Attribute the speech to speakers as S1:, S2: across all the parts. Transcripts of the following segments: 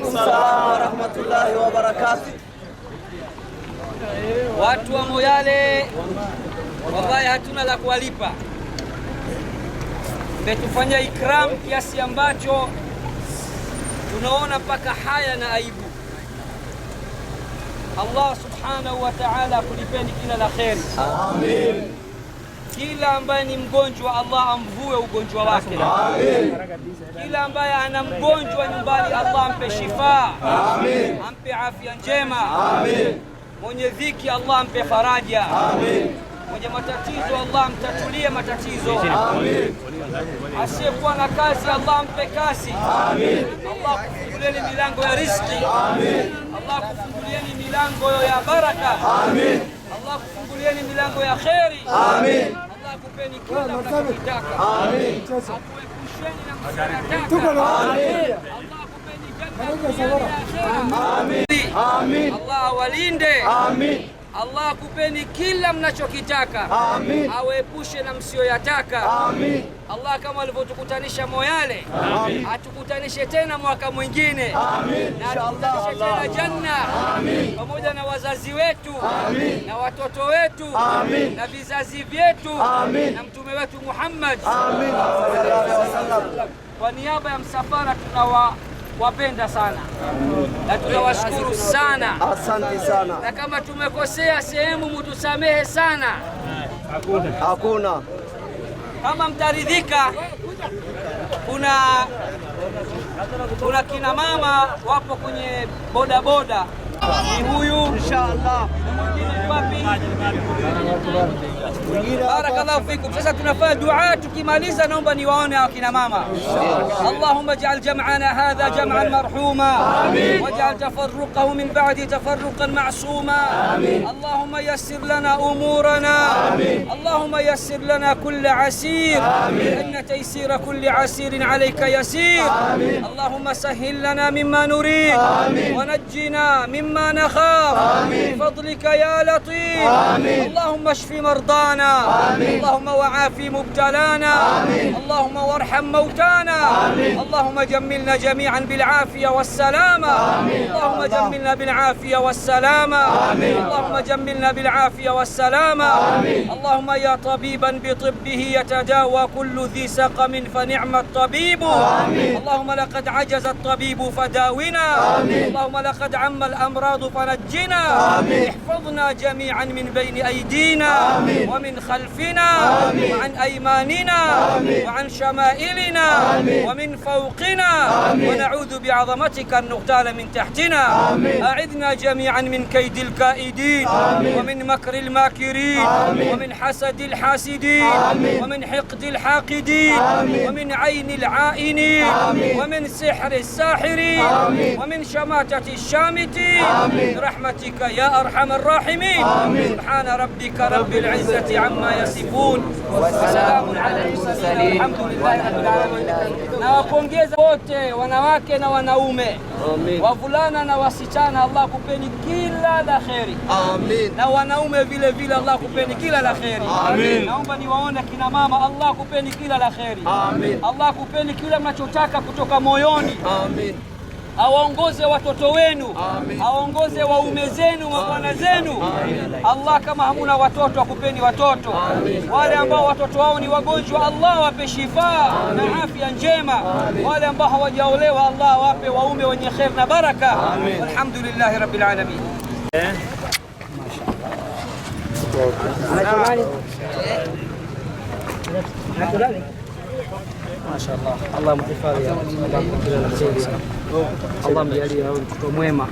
S1: alaikum salaam warahmatullahi wabarakatuh.
S2: Watu wa Moyale wabaye, hatuna la kuwalipa, metufanya ikram kiasi ambacho tunaona mpaka haya na aibu. Allah subhanahu wa ta'ala akulipeni kila la kheri,
S1: amin.
S2: Kila ambaye ni mgonjwa Allah amvue ugonjwa wake. Amin. Kila ambaye ana mgonjwa nyumbani Allah ampe shifa.
S1: Amin.
S2: Ampe afya njema.
S1: Amin.
S2: Mwenye dhiki Allah ampe faraja.
S1: Amin.
S2: Mwenye matatizo Allah amtatulie matatizo. Amin. Asiyekuwa na kazi Allah ampe kazi. Amin.
S1: Allah kufungulieni
S2: milango ya riziki. Amin.
S1: Allah kufungulieni
S2: milango ya baraka.
S1: Amin. Allah
S2: kufungulieni milango ya kheri. Amin. Tupeni kila mnachotaka. Amin.
S1: Atuepusheni
S2: na kusarataka. Tuko na Amin.
S1: Allah
S2: kupeni janna. Amin. Amin.
S1: Allah walinde.
S2: Amin. Allah akupeni
S1: kila mnachokitaka.
S2: Amin. Awepushe na
S1: msiyoyataka.
S2: Amin. Allah kama
S1: alivyotukutanisha
S2: Moyale, Amin.
S1: Atukutanishe
S2: tena mwaka mwingine.
S1: Amin. Na
S2: atukutanishe tena
S1: janna. Amin.
S2: Pamoja na wazazi wetu. Amin. Na watoto wetu. Amin. Na vizazi vyetu.
S1: Amin. Na mtume
S2: wetu Muhammad. Amin.
S1: Kwa niaba ya msafara tunawa
S2: kuwapenda sana na tunawashukuru sana, asante sana. Na kama tumekosea sehemu, mutusamehe sana, hakuna kama mtaridhika. Kuna kuna kina mama wapo kwenye bodaboda, ni huyu inshallah. بارك الله فيكم سيسا كنا فا دعاة كما ليسا نوبا نيوانا وكنا ماما اللهم اجعل جمعنا هذا جمعا
S1: مرحوما
S2: واجعل تفرقه من بعد تفرقا معصوما اللهم يسر لنا أمورنا اللهم يسر لنا كل
S1: عسير
S2: إن تيسير
S1: كل عسير
S2: عليك يسير اللهم سهل لنا
S1: مما نريد
S2: ونجنا مما
S1: نخاف
S2: فضلك يا لطيف المستقيم آمين اللهم اشف مرضانا آمين اللهم وعافي
S1: مبتلانا
S2: آمين اللهم وارحم موتانا آمين اللهم جملنا جميعا بالعافية والسلامة آمين اللهم جملنا بالعافية
S1: والسلامة
S2: آمين اللهم جملنا بالعافية
S1: والسلامة آمين
S2: اللهم يا طبيبا بطبه
S1: يتداوى
S2: كل ذي سقم فنعم الطبيب
S1: آمين
S2: اللهم لقد عجز الطبيب فداونا آمين
S1: اللهم لقد عم الأمراض فنجنا آمين
S2: احفظنا جميعا
S1: جميعا من بين
S2: أيدينا آمين
S1: ومن خلفنا
S2: آمين وعن أيماننا آمين وعن شمائلنا
S1: آمين ومن فوقنا آمين ونعوذ بعظمتك
S2: أن نغتال من
S1: تحتنا آمين
S2: أعذنا جميعا من كيد الكائدين آمين
S1: ومن مكر الماكرين
S2: آمين ومن حسد
S1: الحاسدين آمين ومن حقد الحاقدين آمين
S2: ومن عين العائنين آمين ومن سحر الساحرين آمين ومن شماتة الشامتين آمين برحمتك يا أرحم الراحمين آمين.
S1: آمين سبحان ربك
S2: رب العزة عما يصفون وسلام على المرسلين الحمد لله رب العالمين. Na
S1: wote wanawake
S2: na wanaume Amin. Wavulana
S1: na wasichana,
S2: Allah kupeni kila la kheri Amin. Na wanaume vile vile, Allah kupeni kila la
S1: kheri Amin.
S2: Naomba niwaone kina mama, Allah kupeni
S1: kila la kheri Amin.
S2: Allah kupeni kila mnachotaka
S1: kutoka moyoni
S2: Amin awaongoze watoto wenu, awaongoze waume
S1: zenu, mabwana
S2: zenu. Allah, kama hamuna
S1: watoto akupeni
S2: watoto. Wale ambao watoto wao ni wagonjwa, Allah wape shifaa na afya njema. Wale ambao hawajaolewa, Allah wape waume wenye kheri na baraka. Alhamdulillahi rabbil alamin. Eh? Mashaallah, Allah mhifadhi, Allah mjalie awe mtoto mwema,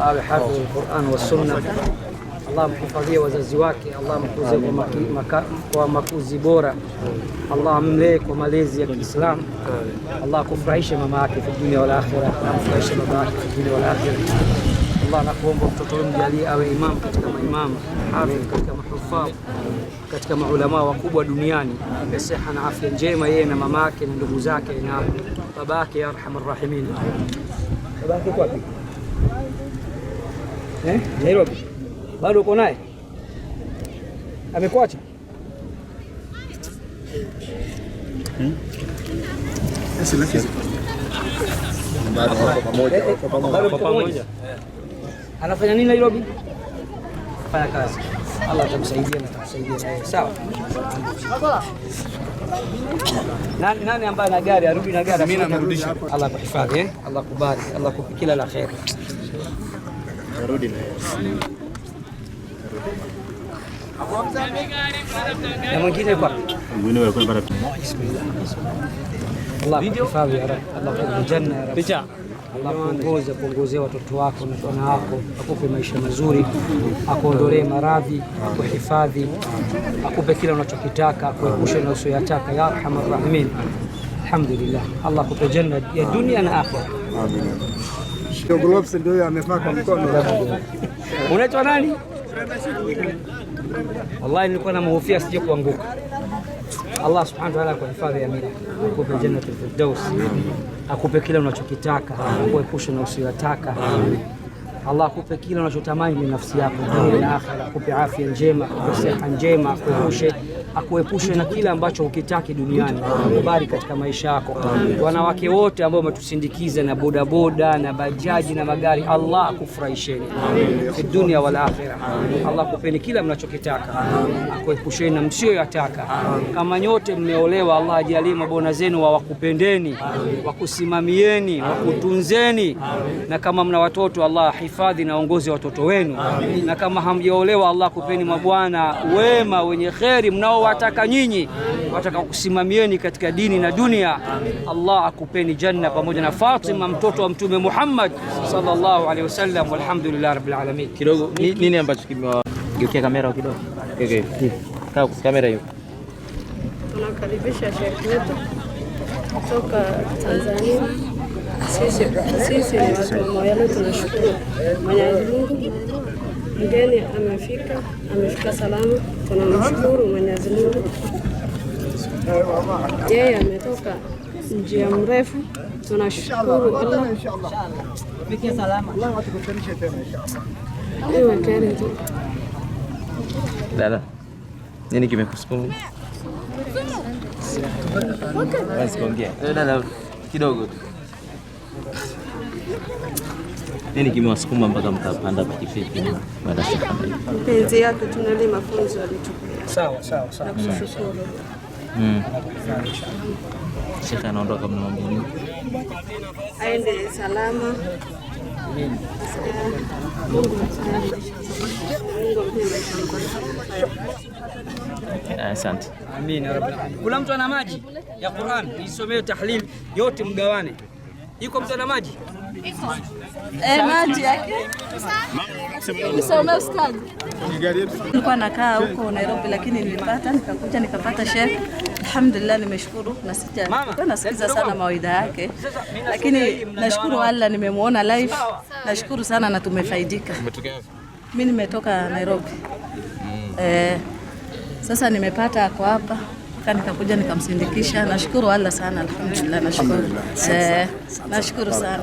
S2: awe hafidh al-Qur'an wa sunna. Allah mhifadhie wazazi wake, Allah mkuze kwa makuzi bora, Allah mlee kwa malezi ya Kiislamu, Allah kufurahishe mama yake fi dunia wal akhirah, amfurahishe baba yake fi dunia wal akhirah. Allah anakuomba mtoto huyu mjalie awe imam katika maimamu, hafidh katika mahufadh, katika maulama wakubwa duniani, siha na afya njema yeye na yake na ndugu zake na babake, ya arhamar rahimin. Babake kwapi? Eh, Nairobi. Bado uko naye? Amekuacha? Hmm? pamoja. Eh, eh, anafanya nini Nairobi? Fanya kazi, Allah atamsaidia na atamsaidia naye. Sawa. Nani nani ambaye ana gari arudi na gari? Mimi
S1: namrudisha. Allah akuhifadhi
S2: eh, Allah akubariki, Allah akupe kila la kheri. Arudi na yeye. Na mwingine kwa mwingine Allah akuhifadhi ya Allah akupe Bicara. ya Picha. Allah kuongoze watoto wako na vijana wako, akupe maisha mazuri, akuondolee maradhi, akuhifadhi, akupe kila unachokitaka, akuepushe na usiyotaka, ya arhamar rahimin. Alhamdulillah, Allah akupe janna ya dunia na akhira. Amin. Ndio kwa mkono. Unaitwa nani? Wallahi nilikuwa namhofia sije kuanguka. Allah subhanahu wa ta'ala akuhifadhi Amina, akupe jannatul firdaus, akupe kila unachokitaka, akuepushe na usiyotaka. Allah akupe kile unachotamani ni nafsi yako dunia na akhera, akupe afya njema, akupe siha njema, akuepushe akuepushe na kile ambacho hukitaki duniani, kubali katika maisha yako. Wanawake wote ambao wametusindikiza na bodaboda na bajaji na magari, Allah akufurahisheni fi dunia wal akhirah. Allah akupeni kila mnachokitaka, akuepusheni na yataka. Kama nyote mmeolewa, Allah ajalie mabwana zenu wawakupendeni, wakusimamieni, wakutunzeni, na kama mna watoto, Allah hifadhi na ongoze watoto wenu, na kama hamjaolewa, Allah kupeni mabwana wema wenye kheri mnao anaowataka nyinyi wataka kusimamieni katika dini na dunia. Allah akupeni janna pamoja na Fatima mtoto wa Mtume Muhammad sallallahu alaihi wasallam. Walhamdulillah rabbil alamin. Kidogo nini ambacho kimewageukia kamera kidogo, okay. Kamera hiyo
S3: tunakaribisha Sheikh wetu kutoka Tanzania. Sisi ni watu wa moyo, tunashukuru Mwenyezi Mungu Mgeni amefika, amefika salama. Tunamshukuru Mwenyezi Mungu. Yeye ametoka njia mrefu, tunashukuru
S2: Allah. Dada, nini kimekusukuma? Eh, dada kidogo nini kimewasukuma mpaka mkapanda pikipiki? Mapenzi
S3: yake tu mafunzo alitupea.
S2: Sawa sawa sawa.
S3: Nakushukuru. Mm.
S2: Shekhe anaondoka mnaombeni.
S3: Aende salama.
S2: Eh, asante. Amin ya Rabbil Alamin. mtu ana maji ya Qur'an, isomee tahlil yote mgawane. Iko mtu ana maji?
S3: Eh, maji Nilikuwa nakaa huko Nairobi, lakini nilipata nikakuja nikapata shehe. Alhamdulillah, nimeshukuru na sija nasikiza sana mawaidha yake, lakini nashukuru Allah, nimemwona live. Nashukuru sana na tumefaidika. Mi nimetoka Nairobi eh, sasa nimepata ako hapa nikakuja nikamsindikisha. Nashukuru Allah sana, alhamdulillah, nashukuru eh, nashukuru sana.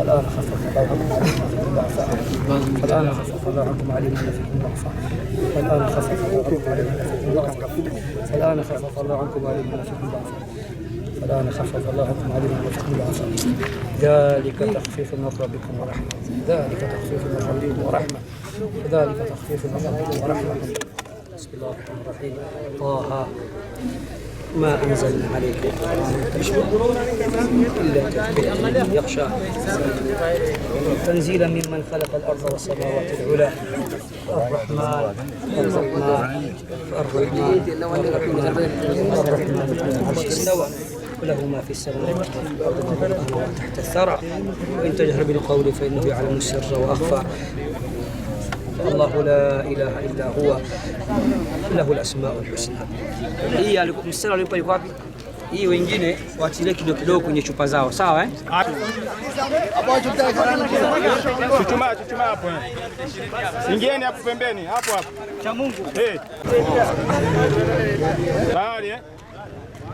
S4: الآن خفف الله عنكم علينا فيكم ضعفا الآن خفف الله عنكم علينا فيكم ضعفا الآن خفف الله عنكم علينا فيكم ضعفا الآن خفف الله عنكم علينا فيكم ضعفا الآن خفف الله عنكم علينا فيكم ضعفاء ذلك تخفيف من ربكم ورحمة ذلك تخفيف من ربكم ورحمة ذلك تخفيف من ربكم ورحمة بسم الله الرحمن الرحيم طه ما أنزلنا عليك إلا يخشى تنزيلا ممن خلق الأرض والسماوات العلى الرحمن الرحمن الرحمن استوى له ما في السماوات والأرض تحت الثرى وإن تجهر بالقول فإنه يعلم السر وأخفى Allahu la ilaha illa huwa lahu al-asmaul husna.
S2: Hii mstari alipo yuko wapi? Hii wengine waachilie kidogo kidogo kwenye chupa zao, sawa eh?
S5: Chuchumaa, chuchumaa hapo. Eh. Ingieni hapo pembeni, hapo hapo. Cha Mungu.
S2: Eh. Tayari eh?